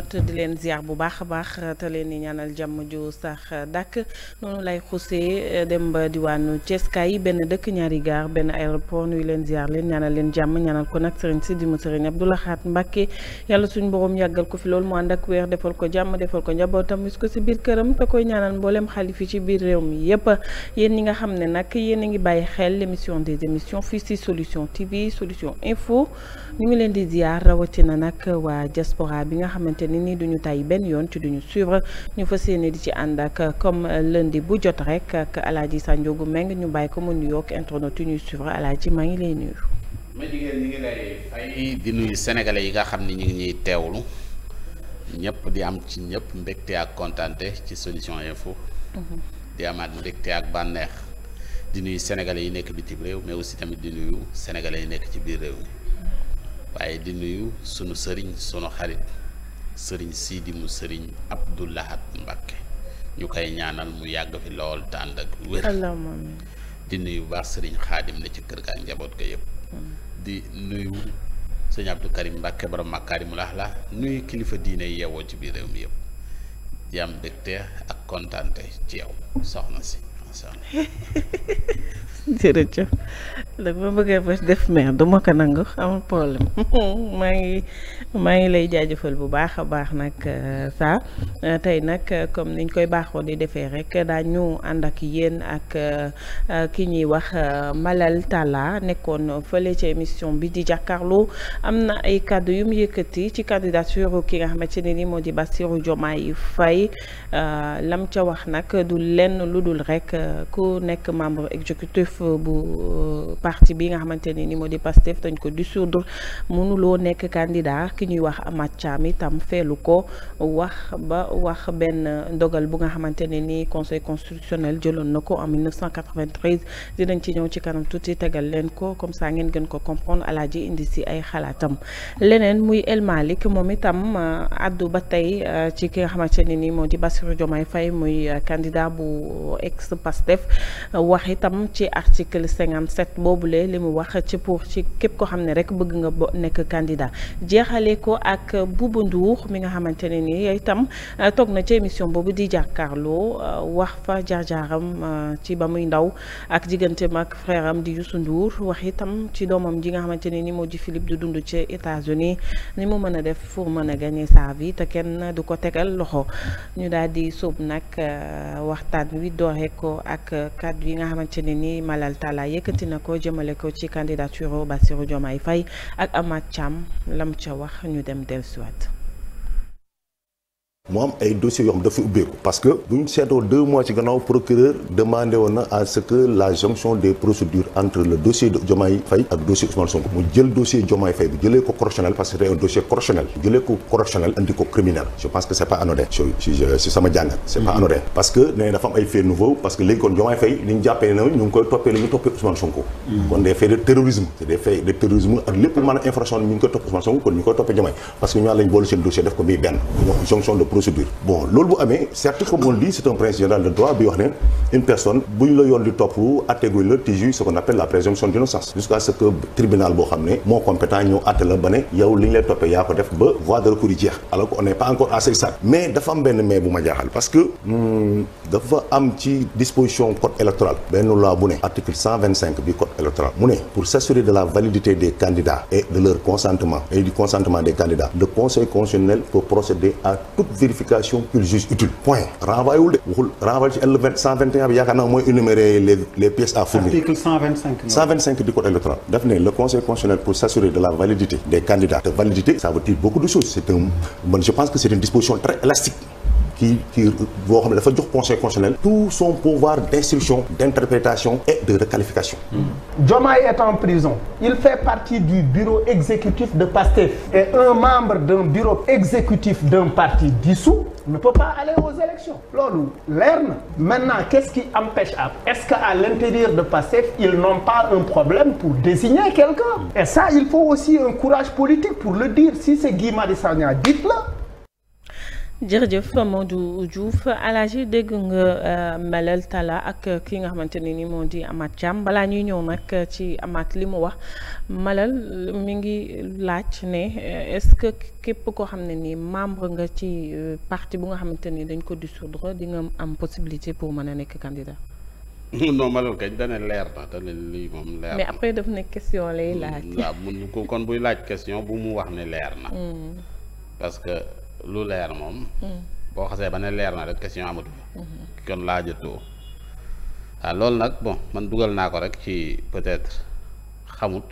internautes di leen ziar bu baax a baax te leen di ñaanal jàmm ju sax dàkk noonu lay xuusee eh, dem ba diwaanu Thiès kaay benn dëkk ñaari gaar benn aéroport nuy leen ziar leen ñaanal leen jàmm ñaanal ko nag sëriñ Sidi mu sëriñ la xaat Mbacké yàlla suñu borom yàggal ko fi loolu mu ànd ak weer defal ko jàmm defal ko njabootam mis ko si biir këram te koy ñaanal mboolem xalif yi ci biir réew mi yépp yéen ñi nga xam ne nag yéen a ngi bàyyi xel l'émission des émissions fii si Solution TV Solution Info ñu ngi leen di ziar rawatina nag waa diaspora bi nga xamante ni nii duñu tay benn yoon ci duñu suivre ñu fas yéene di ci ànd ak comme lundi bu jot rek ak alaaji Sanjogu Meng ñu bàyyi ko mu nuyoog internet yu ñuy suivre alaaji maa ma ngi lay fay di sénégalais yi nga xam ni ñu ngi ñuy teewlu ñëpp di am ci ñëpp mbégte ak kontaante ci solution info. Mhm. di am amaat mbégte ak bànneex di nuyu sénégalais yi nekk bitim réew mais aussi tamit di nuyu sénégalais yi nekk ci biir réew mi. waaye di nuyu sunu sëriñ sunu xarit sëriñ Sidi mu sëriñ Abdou Lahad Mbacké ñu koy ñaanal mu yàgg fi lool te ànd ak wér di nuyu baax sëriñ xaadim na ci kër ga njaboot ga yëpp hmm. di nuyu sëñ Abdou Karim Mbacké borom Makaarimul Axlaaq nuyu kilifa diine yeewoo ci biir réew mi yëpp di am mbégte ak kontaante ci yow soxna si jërëjëf nag ma bëggee ba def meer du ko nangu amul problème maa ngi maa ngi lay jaajëfal bu baax a baax nag euh, saa euh, tey nag euh, comme niñ koy baaxoo di defee rek daañu ànd ak yéen ak ki ñuy wax Malal Talla nekkoon fële ci émission bi di jàkkaarloo am na ay kàddu yu mu yëkkati ci candidature ki nga xamante ne ni moo di bastiru Bassirou Diomaye Faye lam ca wax nag du lenn lu dul rek ku nekk membre exécutif bu parti bi nga xamante ne ni moo di Pastef dañ ko dissoudre mënuloo nekk candidat. ki ñuy wax Amath Thiam itam feelu ko wax ba wax benn ndogal bu nga xamante ne ni conseil constitutionnel jëloon na ko en 1993 dinañ ci ñëw ci kanam tuuti tegal leen ko comme ça ngeen gën ko comprendre alaaji indi si ay xalaatam leneen muy El Malick moom itam euh, addu ba tey euh, ci ki nga xamante ne nii moo di Bassirou Diomaye fay muy euh, candidat bu ex Pastef wax itam ci article boobu boobule li mu wax ci pour ci képp ko xam ne rek bëgg nga nekk candidat jeexale ko ak Bouba Ndour mi nga xamante ne ni itam euh, toog na ci émission boobu di jàkkaarloo euh, wax fa jaar-jaaram euh, ci ba muy ndaw ak digganteem ak frère di Youssou Ndour wax itam ci doomam ji nga xamante ne ni moo di Philippe di dund ci États-Unis ni mu mën a def pour mën a gagner sa vie te kenn du ko tegal loxo ñu daal di sóob nag waxtaan wi dooree ak kàddu yi nga xamante ne ni Malal Talla yëkkati na ko jëmale ko ci candidature Bassirou Diomaye Faye ak Amath Thiam lam wax ñu dem dellusiwaat mu am ay dossiers yoo xam dafa ubbeeku parce que bu ñu seetoo deux mois ci gannaaw procureur demandé na à ce que la jonction des procédures entre le dossier de ak dossier Ousmane Sonko mu jël dossier Diomaye Faye bu jëlee ko correctionnel parce que c'est un dossier correctionnel jëlee ko correctionnel andi ko criminel je pense que c'est pas anodin si sama jàngat c'est pas mm-hmm. anodin parce que nee dafa am ay faits nouveaux parce que léegi kon Diomaye Faye li procédure bon loolu bu amee certes comme on dit c' est général de droit bi wax ne une personne bu la yoon di topp atteguñ la tiju ce qu'on appelle la présomption d' innocence jusqu'à ce que tribunal boo xam ne moo compétent ñëw àtte la ba ne yow li ñu toppee yaa ko def ba voie de recours jeex alors que on pas encore à ce stade mais dafa am benn mais bu ma jaaxal parce que hmm, dafa am ci disposition code électoral benn loi bu ne article stérification qu'il juge utile point renvoyé wul de waxul renvoyé ci L cent vingt et bi yaakaar naa mooy énumérer les pièces à fournir. article cent vingt cinq cent code électoral daf ne le conseil constitutionnel pour s'assurer de la validité des candidats de validité ça veut dire beaucoup de choses c'est une disposition très élastique qui qui boo xam ne dafa jox conseil constitutionnel tout son pouvoir d'instruction et de requalification hmm. Diomaye est en prison il fait partie du bureau exécutif de PASTEF et un membre d'un bureau exécutif d'un parti dissous ne peut pas aller aux élections loolu leer na maintenant qu'est-ce qui empêche à est-ce que à l'intérieur de PASTEF ils n'ont pas un problème pour désigner quelqu'un et ça il faut aussi un courage politique pour le dire si c'est Guy Marius Sagna la jërëjëf Mamadou Diouf lagi dégg nga euh, Malal Talla ak ki nga xamante ne ni moo di Amath Thiam balaa ñuy ñëw nag ci Amath li mu wax Malal mu ngi laaj ne euh, est-ce que képp koo xam ne nii membre nga ci euh, parti bu nga xamante ni dañ ko dissoudre di nga am possibilité pour mën a nekk candidat. non Malal kañ dana leer na dana lii moom leer na. mais après daf ne question lay laaj. Mm, ko kon buy laaj question bu mu wax ne leer na. Mm. que. lu leer moom. Hmm. boo xasee ba ne leer na rek question amatu hmm. kon laajatoo waaw loolu nag bon man dugal naa ko rek ci peut-être xamut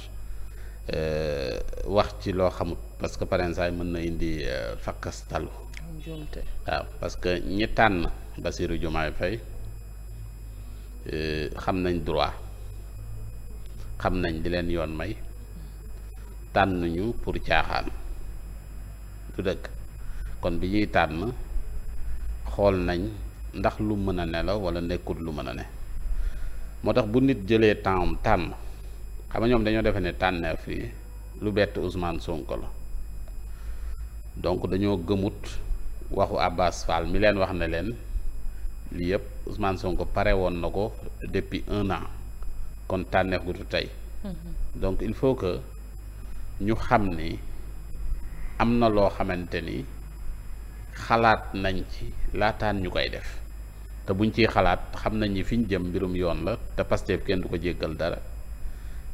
euh, wax ci loo xamut parce que parents saay mën na indi euh, fakkastalu waaw parce que ñi tànn Bassirou Diomaye fay euh, xam nañ droit xam nañ di leen yoon may tànn ñu pour caaxaan du dëkk kon bi ñuy tànn xool nañ ndax lu mën a ne la wala nekkut lu mën a ne moo tax bu nit jëlee temps tànn xam nga ñoom dañoo defe ne tànneef yi lu bett Ousmane Sonko la donc dañoo gëmut waxu Abbas Fall mi leen wax na leen lii yëpp Ousmane Sonko pare woon na ko depuis un an kon tànneef gu tey. Mm-hmm. donc il faut que ñu xam ni am na loo xamante ni. xalaat nañ ci laataan ñu koy def te buñ ciy xalaat xam nañ ni fi ñu jëm mbirum yoon la te Pastef kenn du ko jéggal dara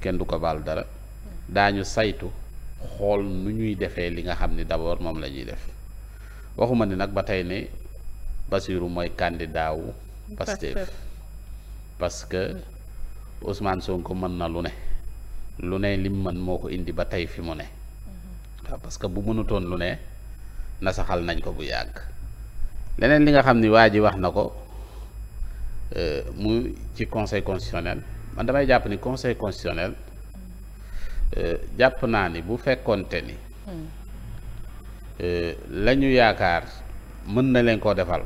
kenn du ko baal dara daañu saytu xool nu ñuy defee li nga xam ni d'abord moom la ñuy def waxuma ni nag ba tey ne Bassirou mooy candidat wu Pastef parce que Ousmane Sonko mën na lu ne lu ne lim mën moo ko indi ba tey fi mu ne mhm. waaw parce bu mënutoon lu ne nasaxal nañ ko bu yàgg leneen li nga xam ni waa ji wax na ko euh, mu ci conseil constitutionnel man damay jàpp ni conseil constitutionnel euh, jàpp naa ni bu fekkoonte ni hmm. euh, la ñu yaakaar mën na leen koo defal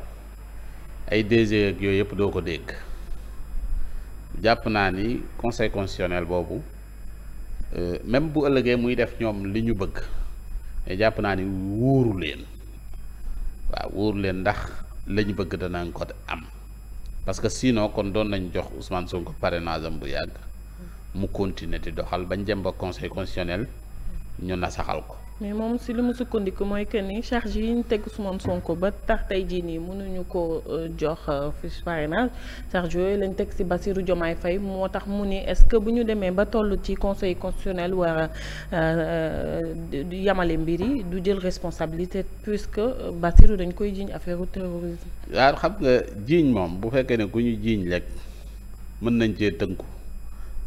ay DG ak yooyu yëpp doo ko dégg jàpp naa ni conseil constitutionnel boobu même bu ëllëgee muy def ñoom li ñu bëgg mais jàpp naa ni wóoru leen waaw wóoru leen ndax lañu bëgg danañ ko am parce que sinon kon doon nañ jox Ousmane Sonko parrainage am bu yàgg mu continuer di doxal ba jëm ba conseil constitutionnel ñu nasaxal ko mais moom si li ma sukkandiku mooy que ni charge yi ñu teg Ousmane Sonko ba tax tey jii nii mënuñu ko euh, jox euh, fiche parrainage charge yooyu lañ teg si Bassirou Diomaye Faye moo tax mu ni est-ce que bu ñu demee ba toll ci conseil constitutionnel war a euh, yamale mbir yi du jël responsabilité puisque Bassirou dañ koy jiiñ affaire u terrorisme. waaw xam nga jiiñ moom bu fekkee ne ku ñu jiiñ lekk mën nañ cee tënku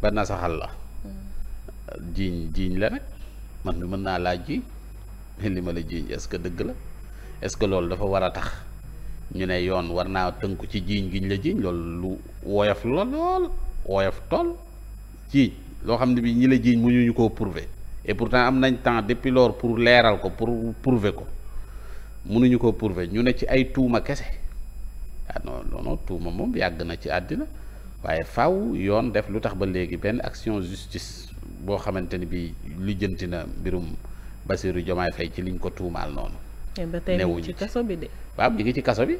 ba nasaxal la. Mm. jiiñ jiiñ la rek. man mi mën naa laaj ji li ma la jiiñ est-ce que dëgg la est-ce que loolu dafa war a tax ñu ne yoon war naa tënku ci jiiñ giñ la jiiñ loolu lu woyof la lool woyof tool jiiñ loo xam ne bi ñi la jiiñ mu ñu ko prouver et pourtant am nañ temps depuis lors pour leeral ko pour prouver ko mënuñu ko prouver ñu ne ci ay tuuma kese ah non non non tuuma moom yàgg na ci àddina waaye faw yoon def lu tax ba léegi benn action justice boo xamante ni bi lijjanti na mbirum Bassirou Diomaye fay ci liñ ko tuumaal noonu eh, newuñ ci kaso bi de waaw ñu ngi ci kaso bi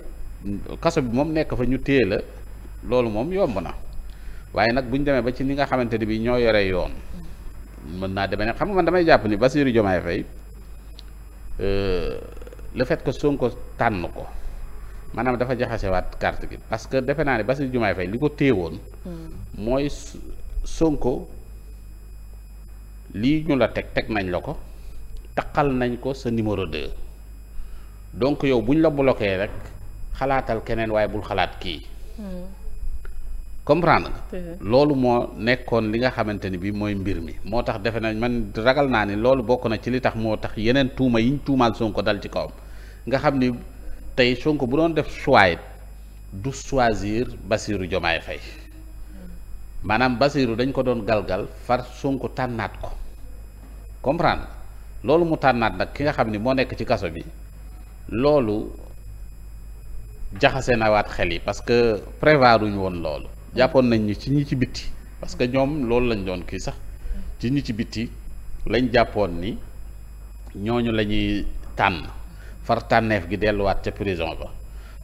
kaso bi moom nekk fa ñu téye la loolu moom yomb na waaye nag bu ñu demee ba ci li nga xamante ni bi ñoo yore yoon mën naa demee ne xam nga man damay jàpp ni Bassirou Diomaye Faye euh, le fait ko Sonko tànn ko maanaam dafa jaxase jaxasewaat carte gi parce que defe naa ne Bassirou Diomaye fay li ko téye woon hmm. mooy Sonko lii ñu la teg teg nañ la ko taqal nañ ko sa numéro 2 donc yow bu ñu la bloqué rek xalaatal keneen waaye bul xalaat kii. Hmm. comprend nga. loolu moo nekkoon li nga xamante ni bii mooy mbir mi moo tax defe nañ man ragal naa ni loolu bokk na ci li tax moo tax yeneen tuuma yiñ ñu tuumaal Sonko dal ci kawam nga xam ni tey Sonko bu doon def choix du choisir Bassirou Diomaye Faye. maanaam Basiru dañ ko doon galgal far Sonko tànnaat ko comprendre loolu mu tànnaat nag ki nga xam ni moo nekk ci kaso bi loolu jaxase na waat xel yi parce que prévoir ñu woon loolu jàppoon nañ ñu ci ñu ci bitti parce que ñoom loolu lañ doon kii sax ci ñi ci bitti lañ jàppoon ni ñooñu la ñuy tànn far tànneef gi delluwaat ca prison ba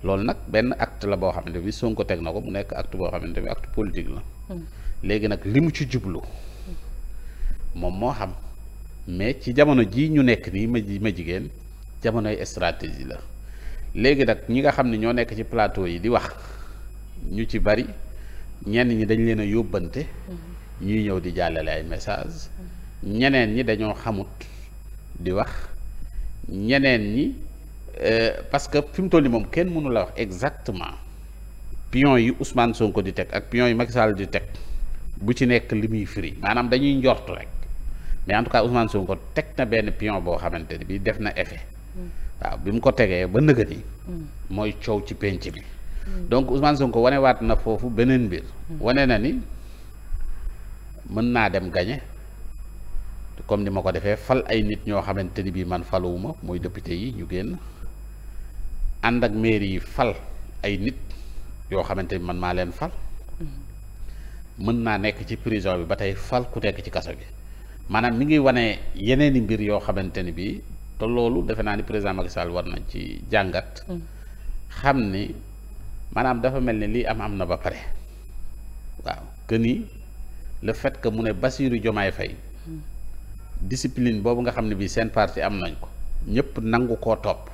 loolu nag benn acte la boo xam xamante bi Sonko teg na ko mu nekk acte boo xamante bi acte politique la hmm. léegi nag li mu ci jublu moom moo xam mais ci jamono ji ñu nekk nii ma ma jigéen jamonoy stratégie la léegi nag ñi nga xam ne ñoo nekk ci palateau yi di wax ñu ci bari ñenn ñi dañ leen a yóbbante hmm. ñuy ñëw di jàllale ay message ñeneen ñi dañoo xamut di wax ñeneen ñi Euh, parce que fi mu toll nii moom kenn mënu la wax exactement pion yi Ousmane Sonko di teg ak pion yi Macky Sall di teg bu ci nekk li muy firi maanaam dañuy njort rek mais en tout cas Ousmane teg na benn pion boo xamante ni bii def na effet waaw ko tegee ba nëgë ni mooy coow ci penc bi donc Ousmane Sonko wane waat na foofu beneen mbir wane na ni mën naa dem gañe comme ni ma ko defee fal ay nit ñoo xamante ni bii man faluwuma mooy député yi ñu génn ànd ak mairie yi fal ay nit yoo xamante ni man maa leen fal mën naa nekk ci prison bi ba tey fal ku nekk ci kaso bi maanaam mi ngi wane yeneeni mbir yoo xamante ni bi te loolu defe naa ni président Macky Sall war nañ ci jàngat mm. xam ni maanaam dafa mel ni lii am am na ba pare waaw que ni le fait que mu ne Bassirou Diomaye Faye mm. discipline boobu nga xam ne bii seen parti am nañ ko ñëpp nangu koo topp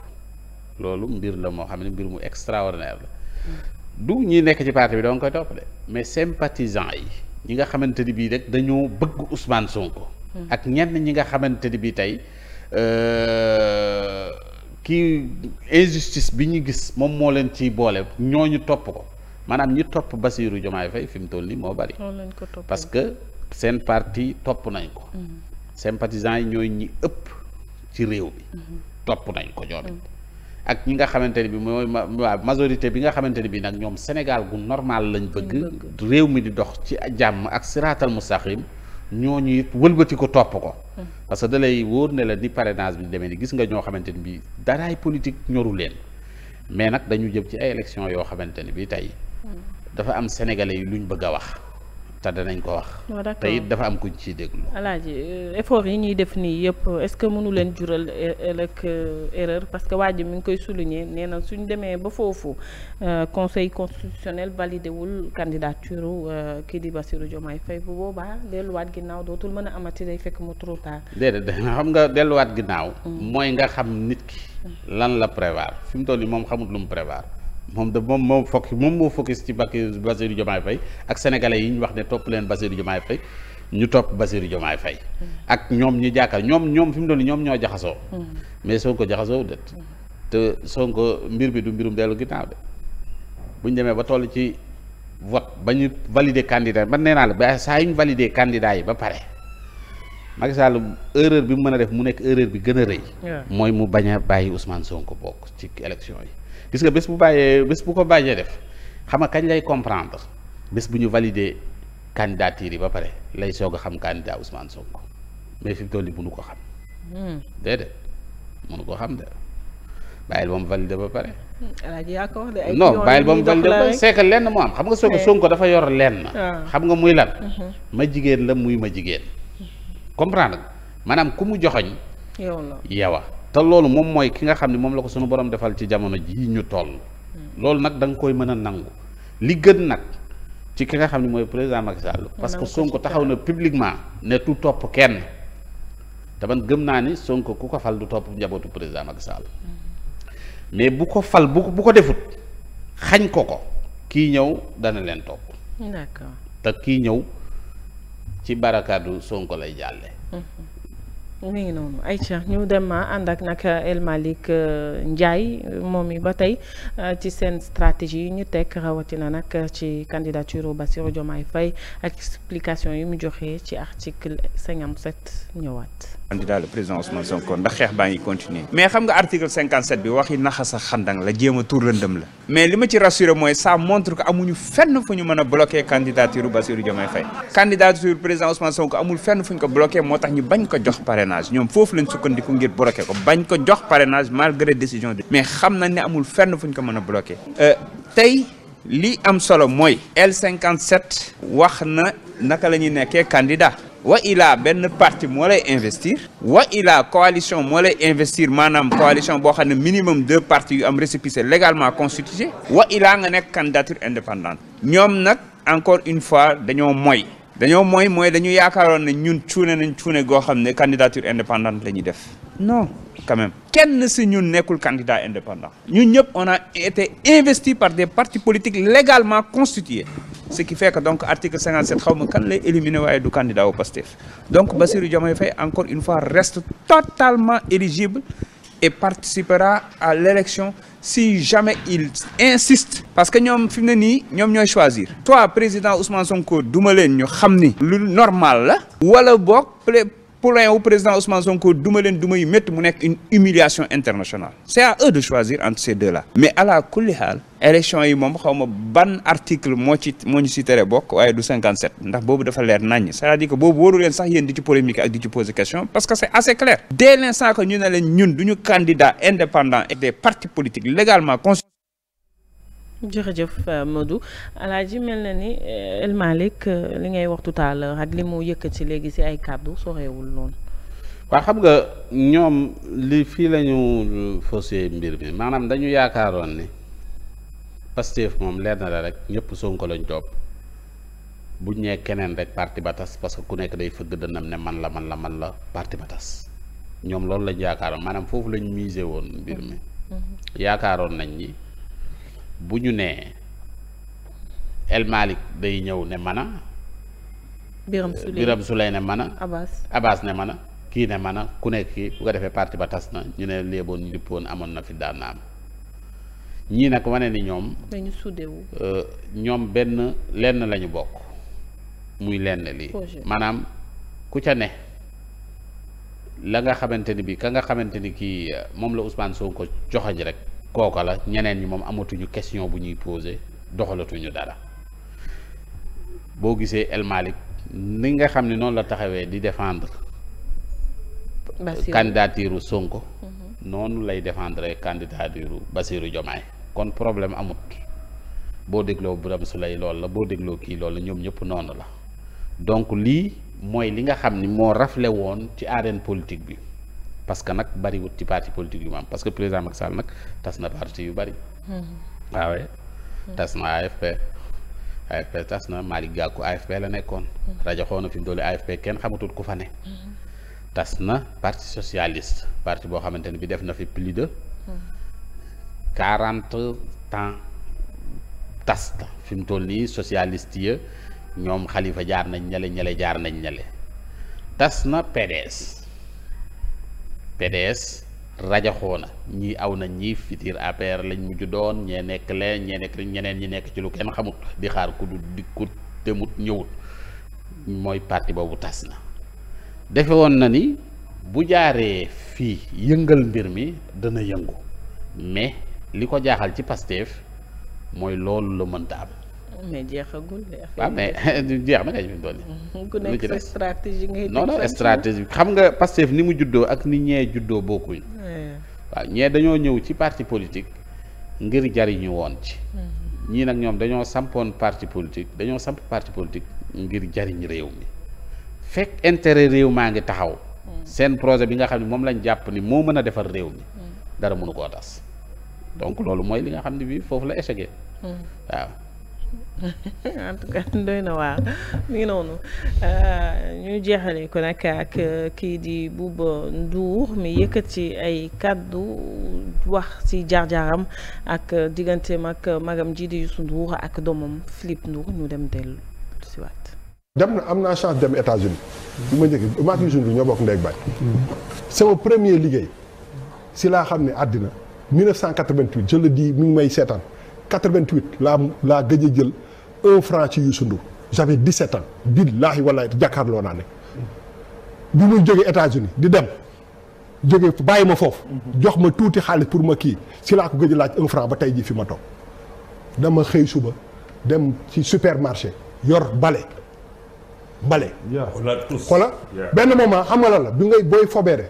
loolu mbir la moo xam ne mbir mu extraordinaire la du ñi nekk ci parti bi doo nga koy topp de mais sympathisant yi ñi nga xamante ni bii rek dañoo bëgg Ousmane Sonko. Hmm. ak ñenn ñi nga xamante ni bii tey euh, kii injustice bi ñu gis moom moo leen ci boole ñoo ñu topp ko maanaam ñi topp Basirou Diomaye Faye fi mu toll nii moo bari. parce que seen parti topp nañ ko. Hmm. sympathisant yi ñooy ñi ëpp ci réew bi hmm. topp nañ ko ñoom ak ñi nga xamante ne bi mooy ma majorité bi nga xamante ne bi nag ñoom Sénégal gu normal lañ bëgg réew mi di dox ci jàmm ak siraatal mustaqim ñoo ñuy wëlbati ko topp ko hmm. parce que da lay wóor ne la ni parrainage bi demee ni gis nga ñoo xamante ni bi daraay politique ñoru leen mais nag dañu jëm ci ay yoo xamante ne bi tey hmm. dafa am sénégalais yi lu ñu bëgg a wax te nañ ko wax. te it dafa am kuñ ciy déglu. alaaji euh, effort yi ñuy def nii yëpp est-ce que mënu leen jural ëllëg er-, euh, erreur parce que waa ji mi ngi koy souligner nee na suñ demee ba foofu euh, conseil constitutionnel validé wul candidature kii di Bassirou Diomaye fay bu boobaa delluwaat ginnaaw dootul mën a amati day fekk mu trop tard. déedéet xam nga delluwaat ginnaaw. Mm. mooy nga xam nit ki. Mm. lan la prévoir fi mu toll nii moom xamut lu mu prévoir. moom da moom moom fokk moom moo focus ci bakk Bassirou Diomaye Faye ak sénégalais yi ñu wax ne topp leen Bassirou Diomaye Faye ñu topp Bassirou Diomaye fay ak ñoom ñi jàkkaar ñoom ñoom fi mu doon ñoom ñoo jaxasoo mais Sonko jaxasoo det te Sonko mbir bi du mbirum dellu ginnaaw de bu ñu demee ba toll ci vote ba ñu valider candidat man nee naa la ba saa yu ñu valider yi ba pare Macky Sall bi mu mën a def mu nekk erreur bi gën a rëy mooy mu bañ a bàyyi Ousmane Sonko bokk ci élection yi gis nga bés bu bàyyee bés bu ko bàyyee def xam nga kañ lay comprendre bés bu ñu valider candidature yi ba pare lay soog a xam candidat Ousmane Sonko mais fi mu toll nii nu ko xam. Hmm. déedéet mënu ko xam de bàyyil moom valider ba pare. alaaji yaa ko wax de ay non bàyyil ba mu valider ba c'est que lenn moo am xam nga soog a Sonko dafa yor lenn. Ah. xam nga muy lan. Mm-hmm. ma jigéen la muy ma jigéen. comprendre nga maanaam ku mu joxoñ yow te loolu moom mooy ki nga xam ne moom la ko suñu borom defal ci jamono jii ñu toll. Mm. loolu nag da nga koy mën a nangu li gën nag ci ki nga xam ne mooy président Macky Sall. parce que Sonko taxaw na publiquement ne tu topp kenn. te man gëm naa ni sonk ku ko fal du topp njabootu président Macky Sall. Mm. mais bu ko fal bu ko defut xañ ko ko kii ñëw dana leen topp. te kii ñëw ci barakaatu sonk lay jàlle. Mm-hmm. mi ngi noonu Aïcha ñu dem ànd ak nag El Malick euh, Ndiaye moom yi ba tey euh, ci seen stratégie yi ñu teg rawatina nag ci ba Bassirou Diomaye Faye ak explication yi mu joxe ci article 57 ñëwaat. candidat le président Ousmane Sonko ndax xeex baa ngi continuer mais xam nga article bi waxi naxa sa xandang la jéem a tuur lëndëm la mais li ma ci rassuré mooy ça montre que a bloqué candidature Bassirou Diomaye Faye candidature président amul fenn fu ñu ko bloqué moo tax ñu bañ ko jox parrainage ñoom foofu lañ sukkandiku ngir bloqué ko bañ ko jox parrainage malgré décision de mais xam nañ ne amul fenn fu ñu ko mën a bloqué euh, tey li am solo mooy L57 wax na naka la ñuy nekkee candidat waa ilaa benn parti moo lay investir wa ilaa coalition moo lay investir maanaam coalition boo xam ne minimum deux partis yu am récépissé légalement constitué wa ilaa nga nekk candidature indépendante ñoom nag encore une fois dañoo moy dañoo mooy mooy dañu yaakaaroon ne ñun cuune nañ cuune goo xam ne candidature indépendante la def non quand même kenn si ñun nekkul par des partis politiques légalement constitués ce qui fait que donc article 57 xaw ma kan lay éliminé waaye du candidat au Pastef donc Bassirou Diomaye Faye encore une fois reste totalement éligible et participera à l'élection si jamais il parce que ñoom fi ne nii ñoom ñooy choisir soit président Ousmane Sonko duma leen ñu xam ni lu normal la poulain wu président Ousmane Sonko duma leen duma yu métti mu nekk une humiliation internationale c'est à eux de choisir entre ces deux là mais à la kulli haal élection yi moom xaw ma ban article moo ci moo ñu si tere bokk waaye du 57 ndax boobu dafa leer naññ c'est-à-dire que boobu waru leen sax yéen di ci polémique ak di ci poser question parce que c'est assez clair dès l'instant que ñu ne leen ñun du ñu indépendant des partis jërëjëf Modou Alaaji mel na ni eh, El Malick eh, li ngay wax tout à ak li mu yëkkati léegi si ay kàddu soreewul noonu. waa xam nga ñoom li fii lañu ñu faussé mbir mi maanaam dañu yaakaaroon ni Pastef moom leer na la rek ñëpp sonk lañ topp bu ñee keneen rek parti ba tas parce que ku nekk day fëgg dënnam ne man la man la man la parti ba ñoom loolu lañ yaakaaroon maanaam foofu lañ misé woon mbir mi mm-hmm. yaakaaroon nañ ñi. bu ñu nee El Malick day ñëw ne mana Biram euh, Souley Biram Souley ne mana Abbas Abbas ne mana kii ne mana ku nekk kii bu ko defee parti ba tas na ñu ne léeboon ñu lippoon amoon na fi daan am ñii nag wane ni ñoom dañu suddewu euh, ñoom benn lenn lañu bokk muy lenn lii maanaam ku ca ne la nga xamante ni bi ka nga xamante ni kii moom la Ousmane Sonko joxañ rek kooka la ñeneen yi moom amatuñu question bu ñuy posé doxalatuñu dara boo gisee El Malick ni nga xam ne noonu la taxawee di défendre candidature Sonko mhm. noonu lay défendre candidature Bassirou Diomaye kon problème amut boo dégloo Birame Souleye loolu la boo dégloo kii lool la ñoom ñëpp noonu la donc lii mooy li nga xam ni moo raflé woon ci arène politique bi parce que nag bariwut ci parti politique yu mu am parce que président Macky Sall nag tas na parti yu bari. waaw mm-hmm. ah mm-hmm. tas na AFP. AFP tas na Malick Gakou AFP la nekkoon. Mm-hmm. rajo xoo na fi mu doole AFP kenn xamatul ku fa ne. tas na parti socialiste partie boo xamante ne bi def na fi plus de. quarante ans tas na fi mu toll nii socialiste ya ñoom xalifa jaar nañ ñale ñale jaar nañ ñale tas na PDS. PDS rajaxoo na ñii aw na ñii fitir APR lañ mujj doon ñee nekk leen ñee nekk ñeneen ñi nekk ci lu kenn xamut di xaar ku du di ku demut ñëwut mooy parti boobu tas na defe woon na ni bu jaaree fii yëngal mbir mi dana yëngu mais li ko jaaxal ci Pastef mooy loolu la mënta am mais jeexagul de. waaw jeex na dañuy dolli. ku nekk sa stratégie ngay. non xam nga Pastef ni mu juddoo ak ni ñee juddoo bokkuñ. waaw ñee dañoo ñëw ci parti politique ngir jariñu woon ci. Mm-hmm. ñii nag ñoom dañoo sampoon parti politique dañoo samp parti politique ngir jariñ réew mi fekk intérêt réew maa ngi taxaw. Mm. seen projet bi nga xam ne moom lañ jàpp ni moo mën a defar réew mi. Mm. dara mënu koo tas donc loolu mooy li nga xam ne bii foofu la échec mm. waaw. en tout cas doy na waar ngi noonu euh, ñu jeexale ko nag ak euh, kii di Bouba Ndour mi yëkkati ay kàddu wax ci jaar-jaaram ak diggante ak magam jii di Youssou Ndour ak doomam Philippe Ndour ñu dem dellu dem na am naa chance dem États-Unis bu ma njëkk maak Youssou ñoo bokk ndey ak sama premier liggéey si laa xam ni àddina 1988 je le dis mi ngi may seetaan 88 laa laa gëj a jël un franc ci Youssou Ndour j'avais 17 ans billaahi wallaahi jàkkaarloo naa ne bi muy jógee États-Unis di dem jógee bàyyi ma foofu jox ma tuuti xaalis pour ma kii si laa ko gëj a laaj un franc ba tey jii fi ma toog dama xëy suba dem ci supermarché yor bale bale xoola benn moment xam nga la la bi ngay booy fobeere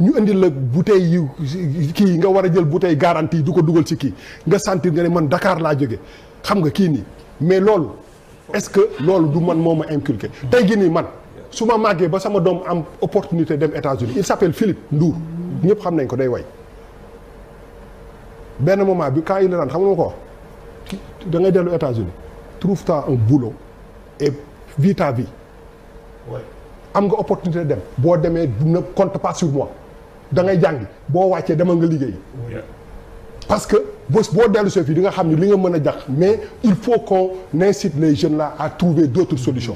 ñu indil la bouteille yi kii nga war a jël bouteille garantie du ko dugal ci kii nga sentir nga ne man dakaar laa jóge xam nga kii nii mais loolu est-ce que loolu du man moo ma inculqué tey gi nii man su ma màggee ba sama doom am opportunité dem États-Unis il s'appelle Philippe Ndour ñëpp xam nañ ko day way benn moment bi quand il rentre xam nga ko da ngay dellu États-Unis trouve-toi un boulot et nga opportunité dem boo demee ne compte pas sur moi da ngay jàngi boo wàccee demal nga liggéey parce que bés boo dellu fii di nga xam ne li nga mën a jax mais il faut qu'on incite les jeune la à trouver d'autres solutions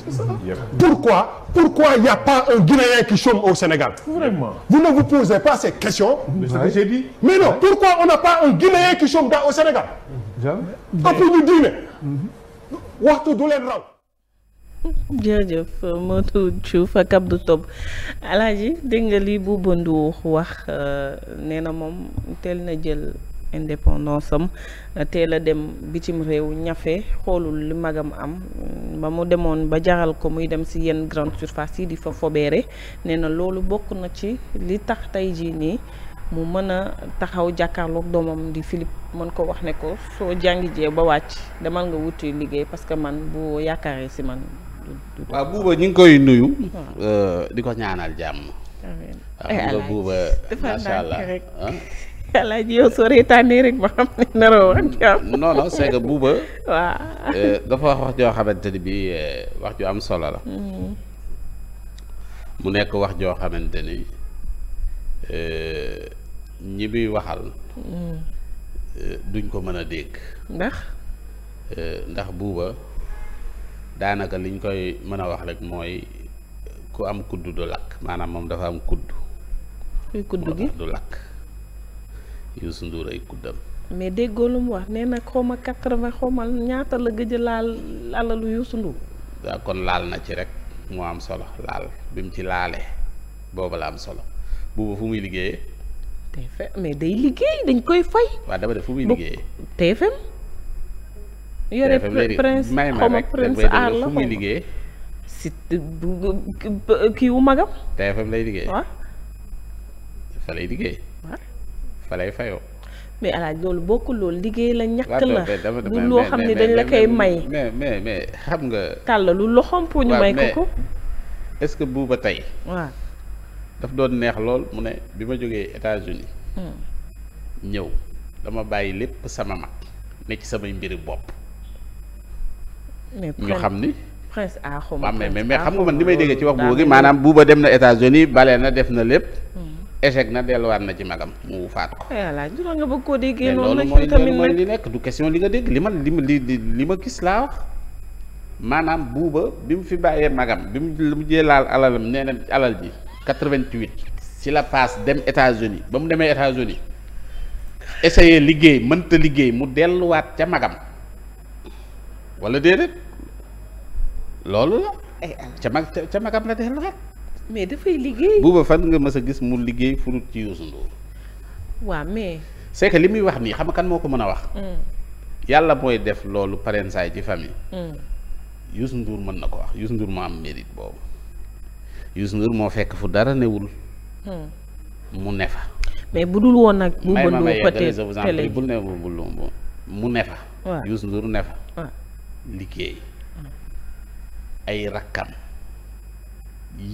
pourquoi pourquoi il n'y a pas un Guinéen qui chôme au Sénégal vraiment vous ne vous posez pas ces questions mais c'est ce que j'ai dit mais non pourquoi on n'a pas un Guinéen qui chôme dans au Sénégal après ñu diine waxtu du leen raw jërëjëf Modou Diouf ak Abdou Top alaaji dégg nga lii bu bëndu wax euh, nee na moom teel na jël indépendance am teel a dem bitim réew ñafe xoolul li magam am ba mu demoon ba jaral ko muy dem si yenn grande surface yi di fa fobeere nee na loolu bokk na ci li tax tey jii nii mu mën a taxaw jàkkaarlook doomam di Philippe mën ko wax ne ko soo jàngi jee ba wàcc demal nga wuti liggéey parce que man bu yaakaaree si man waaw buuba ñu ngi koy nuyu. Hmm. Euh, di ko ñaanal jàmm. amiin waaw buuba macha allah ah? alaaji yow soo reetaanee rek ba xam ne naroo wax jàmm. non non buuba. Euh, dafa wax wax joo xamante ni bii euh, wax ju am solo la. Hmm. nekk wax joo xamante ni ñi muy waxal. Hmm. duñ ko mën a dégg. ndax. ndax buuba. daanaka liñ koy mën a wax rek mooy ku am kudd du lakk maanaam moom dafa am kudd. kuy kudd gi du lakk Youssou Ndour ay kuddam. mais déggoo lu mu wax nee na xaw ma quatre-vingt xaw ñaata la gëj a laal alalu Youssou Ndour. waaw kon laal na ci rek mu am solo laal bi mu ci laalee boobu la am solo buuba fu muy liggéeyee. TFM mais day liggéey dañ koy fay. waa dama def fu muy liggéeyee. TFM. yore prince xaw ma prince aar la fu muy liggéey si kii wu magam. TFM lay liggéey. waaw. fa lay liggéey. waaw fa lay fayoo. mais alaaj loolu bokk loolu liggéey la ñàkk la loo xam ne dañ la koy may. mais mais xam nga. tàllalu loxoom pour ñu may ko ko. est-ce que buuba tey. waaw daf doon neex lool mu ne bi ma jógee États-Unis hmm. ñëw dama bàyyi lépp sama mag ne ci samay mbiri bopp. ñu xam ni. prince A xaw ma mais mais xam nga man li may déggee ci wax boobu maanaam buuba dem na États-Unis bale na def na lépp. Hmm. échec na delluwaat na ci magam mu faat ko. voilà eh, du nga koo déggee noonu nag tamit nekk du question li nga dégg li ma li ma li ma gis laa maanaam buuba bi mu fi bàyyee magam bi mu mujjee laal alalam nee na alal ji 88 ci la paas dem États-Unis ba mu demee États-Unis essayé liggéey mënta liggéey mu delluwaat ca magam. wala déedéet loolu la. Eh, ay ah. ca mag ca magam la delluwaat. mais dafay liggéey. buuba fan nga mës a gis mu liggéey furut ci Youssou Ndour. waa mais. c'est li muy wax nii xam kan moo ko mën a wax. Mm. yàlla mooy def loolu parensaay ci famille. Mm. Youssou Ndour mën na ko wax Youssou Ndour moo am mérite boobu Youssou moo fekk fu dara newul. Mm. mu ne mais bu dul woon nag. bu bëgg peut-être may ma may yeggali bul ne bul mu ne fa. waaw Youssou liggéey ay rakkam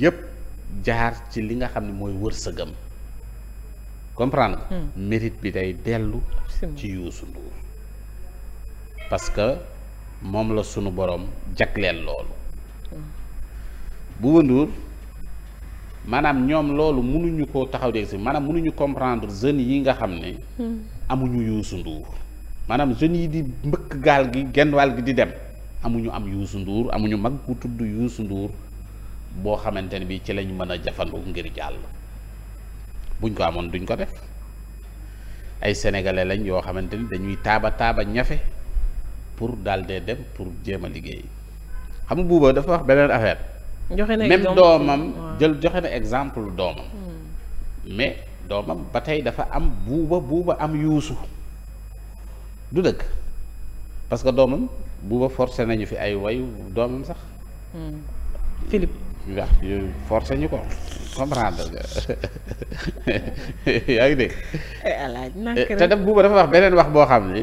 yépp jaar ci li nga xam ni mooy wërsëgam comprendre nga hmm. mérite bi day dellu ci Youssou Ndour parce que moom la sunu borom jagleel loolu hmm. Bouba Ndour maanaam ñoom loolu munuñu ko taxaw de si maanaam mënuñu comprendre jeunes yi nga xam ne hmm. amuñu Youssou Ndour maanaam jeunes yi di mbëkk gaal gi genn waal gi di dem amuñu am Youssou Ndour amuñu mag ku tudd Youssou nduur boo xamante ne bi ci lañ mën a jafandu ngir jàll buñ ko amoon duñ ko def ay sénégalais lañ yoo xamante ni dañuy taaba taaba ñafe pour daal dee dem pour jéem a liggéey xam nga buuba dafa wax beneen affaire. joxe na même doomam jël joxe na exemple doomam. Hmm. mais doomam ba tey dafa am buuba buuba am yuusu du dëkk parce que doomam buuba forcé nañu fi ay wayu doomam sax. Hmm. Philippe. waaw yooyu ñu ko comprendre yaa ngi dégg. Eh, eh, te daf buuba dafa wax beneen wax boo xam ni.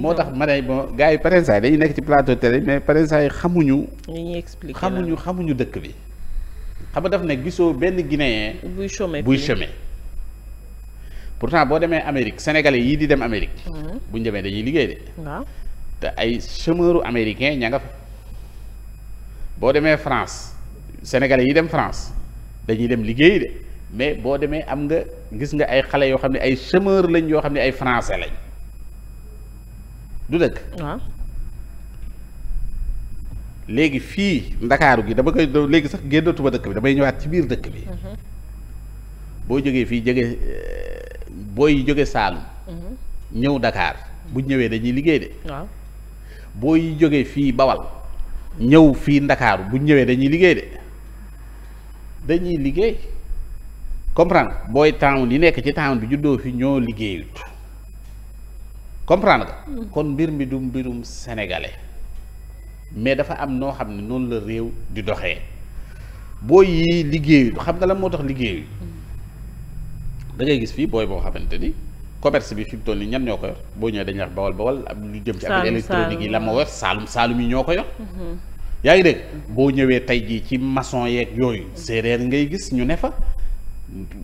moo tax ma ne bon yi parents dañu nekk ci plateau télé mais parents yi xamuñu. ñuy xamuñu xamuñu dëkk bi. xam nga daf ne gisoo benn guinéen. buy chômer buy chômer. pourtant boo demee Amérique sénégalais yii di dem Amérique. Hmm. bu demee dañuy liggéey de. te ay chômeurs américain ña fa boo demee France sénégalais yi dem France dañuy dem liggéey de mais boo demee am nga gis nga ay xale yoo xam ne ay chômeurs lañ yoo xam ne ay français lañ du dëkk. léegi fii ndakaaru gi dama koy léegi sax génnatuma dëkk bi damay ñëwaat ci biir dëkk bi. Mhm. boo jógee fii jóge booy jóge Saalum. Mhm. ñëw Dakar bu ñëwee dañuy liggéey de. booy jógee fii Bawal ñëw fii Ndakaaru bu ñëwee dañuy liggéey de dañuy liggéey comprendre booy town yi nekk ci town bi juddoo fi ñoo liggéeyut comprendre nga. Hmm. kon mbir mi du mbirum sénégalais mais dafa am noo xam ne noonu la réew di doxee booy yi liggéeyut xam nga la moo tax liggéeyut hmm. da gis fii booy boo xamante ni. commerce bi fi mu toll nii ñan ñoo ko yor boo ñëwee dañuy wax bawal bawal am lu jëm ci affaire électronique yi la ma yor saalum saalum yi ñoo ko yor mm-hmm. yaa ngi dégg mm-hmm. boo ñëwee tey jii ci maçon yeeg yooyu mm-hmm. séeréer ngay gis ñu ne fa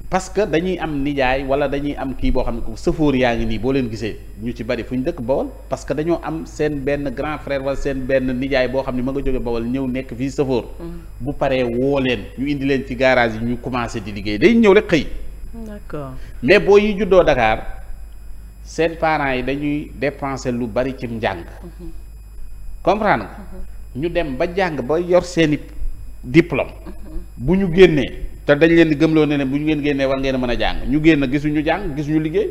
parce que dañuy am nijaay wala dañuy am kii boo xam ne sëfóor yaa ngi nii boo leen gisee ñu ci bari fu ñu dëkk bawal parce que dañoo am seen benn grand frère wala seen benn nijaay boo xam ne ma nga jóge bawal ñëw nekk fii sëfóor bu paree woo leen ñu indi leen ci garage yi ñu commencé di liggéey day ñëw rek xëy mais boo yi juddoo Dakar seen parents yi dañuy dépenser lu bari cim njàng comprendre nga ñu dem ba jàng ba yor seeni diplôme bu ñu génnee te dañ leen di gëmloo ne ne bu ñu ngeen génnee war ngeen mën a jàng ñu génn gisuñu jàng gisuñu liggéey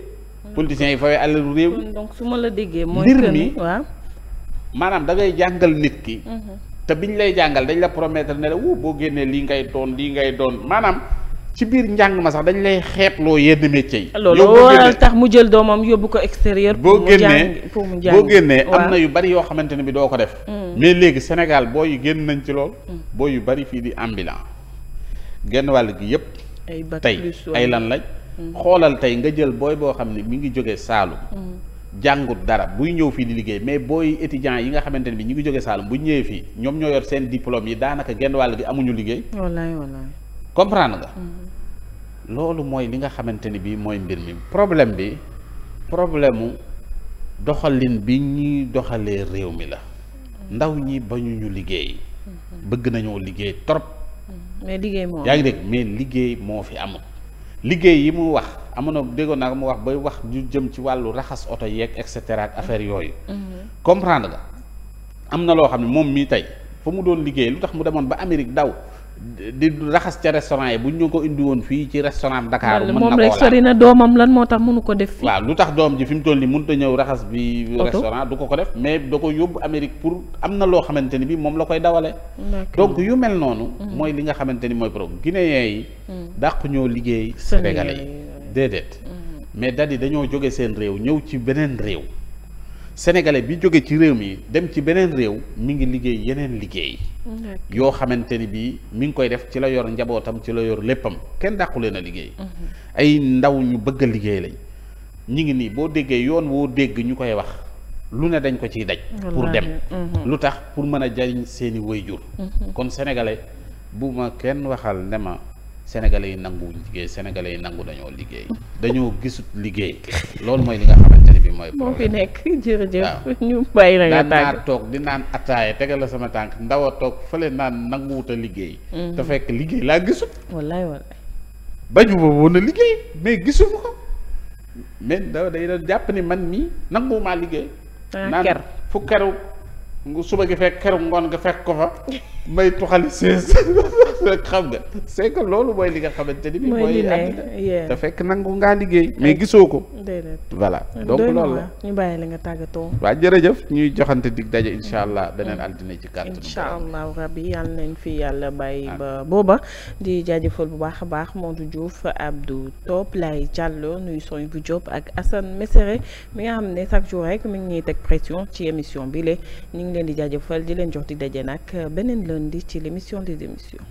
politiciens yi fawee alalu réew donc su ma la déggee mooy mbir mi waaw maanaam da ngay jàngal nit ki mhm. te biñ lay jàngal dañ la promettre ne boo génnee lii ngay doon lii ngay doon maanaam ci biir njàng ma sax dañ lay xeebloo yenn métiers yi. loolu waral tax mu jël doomam yóbbu ko extérieur. pour mu jàng pour mu jàng boo génnee am na yu bari yoo xamante ne bi doo ko def. Mm. mais léegi Sénégal booy yu génn nañ ci lool. Mm. booy yu bari fii di ambulant. genn wàll gi yëpp. ay tey ay lan lañ. Mm. xoolal tey nga jël booy boo xam ne mi ngi jógee Saalum. jàngut dara buy ñëw fii di liggéey mais booy étudiants yi nga xamante ne bi ñu ngi jógee Saalum bu ñëwee fii ñoom ñoo yor seen diplôme yi daanaka genn wàll gi amuñu liggéey. comprendre nga. Mm-hmm. loolu mooy li nga xamante ni bii mooy mbir mi problème bi problème mu doxalin bi ñuy doxalee réew mi la mm-hmm. ndaw ñi bañuñu liggéey. Mm-hmm. bëgg nañoo liggéey trop. mais liggéey moo yaa ngi dégg mais liggéey moo fi amul. liggéey yi mu wax amoon déggoon naa ko mu wax bay wax ñu jëm ci wàllu raxas oto yeeg et cetera ak affaire yooyu. comprendre nga am na loo xam ne moom mii tey fa mu doon liggéey lu tax mu demoon ba Amérique daw. di raxas ca restaurant yi bu ñu ko indi woon fii ci restaurant Dakar. mën na moom rek sori na doomam lan moo tax mënu ko def. fii waaw lu tax doom ji fi mu toll nii mënut a ñëw raxas bi. restaurant du ko ko def mais da ko yóbbu Amérique pour am na loo xamante ni bii moom la koy dawale. donc yu mel noonu. Mm. mooy li nga xamante ni mooy problème guinéen yi. Mm. dàq ñoo liggéey. sénégalais yi déedéet. Mm. mais dadi dañoo jóge seen réew ñëw ci beneen réew. sénégalais bi jóge ci réew mi dem ci beneen réew mi ngi liggéey yeneen liggéey yoo xamante ni bii mi ngi koy def ci la yor njabootam ci la yor léppam kenn dàquleen a liggéey mhm. ay ndaw ñu bëgg a liggéey lañ ñi ngi nii boo déggee yoon woo dégg ñu koy wax lu ne dañ ko ciy daj pour dem mhm. lu tax pour mën a jariñ seeni wayjur mhm. kon sénégalais bu ma kenn waxal ne sénégalais yi nanguwuñ liggéey senegale yi nangu dañoo liggéey dañoo gisut liggéey loolu mooy li nga xamante ne bi mooy moo fi nekk jërëjëf ñu bàyyi la nga tàgg toog di naan attaaye tegal la sama tànk ndaw a toog fële naan nanguwut a liggéey mm-hmm. te fekk liggéey laa gisut wallaay wallaay bañu ba woon a liggéey mais gisuma ko mais ndaw day doon jàpp ni man mii nanguwumaa liggéey ah, naan fu keru suba gi fekk keroog ngoon nga fekk ko fa may tuxali siis rek nga c'est que loolu mooy li nga xamante ni bi mooy ngaa liggéey mais gisoo ko voilà donc loolu la ñu bàyyi la nga tàggatoo waa jërëjëf ñuy joxante dig daje insha allah mm. beneen àddina ci kàttan insha allahu rabbi yàlla nañ fi yàlla bàyyi ba booba di jaajëfal bu baax a baax Modou Diouf Abdou Top Lay Diallo nuyu son bu Diop ak Assane Messere mi nga xam ne chaque jour rek mi ngi ñuy teg pression ci émission bi le ngi leen di jaajëfal di leen jox di daje nag beneen lundi ci l'émission des émissions.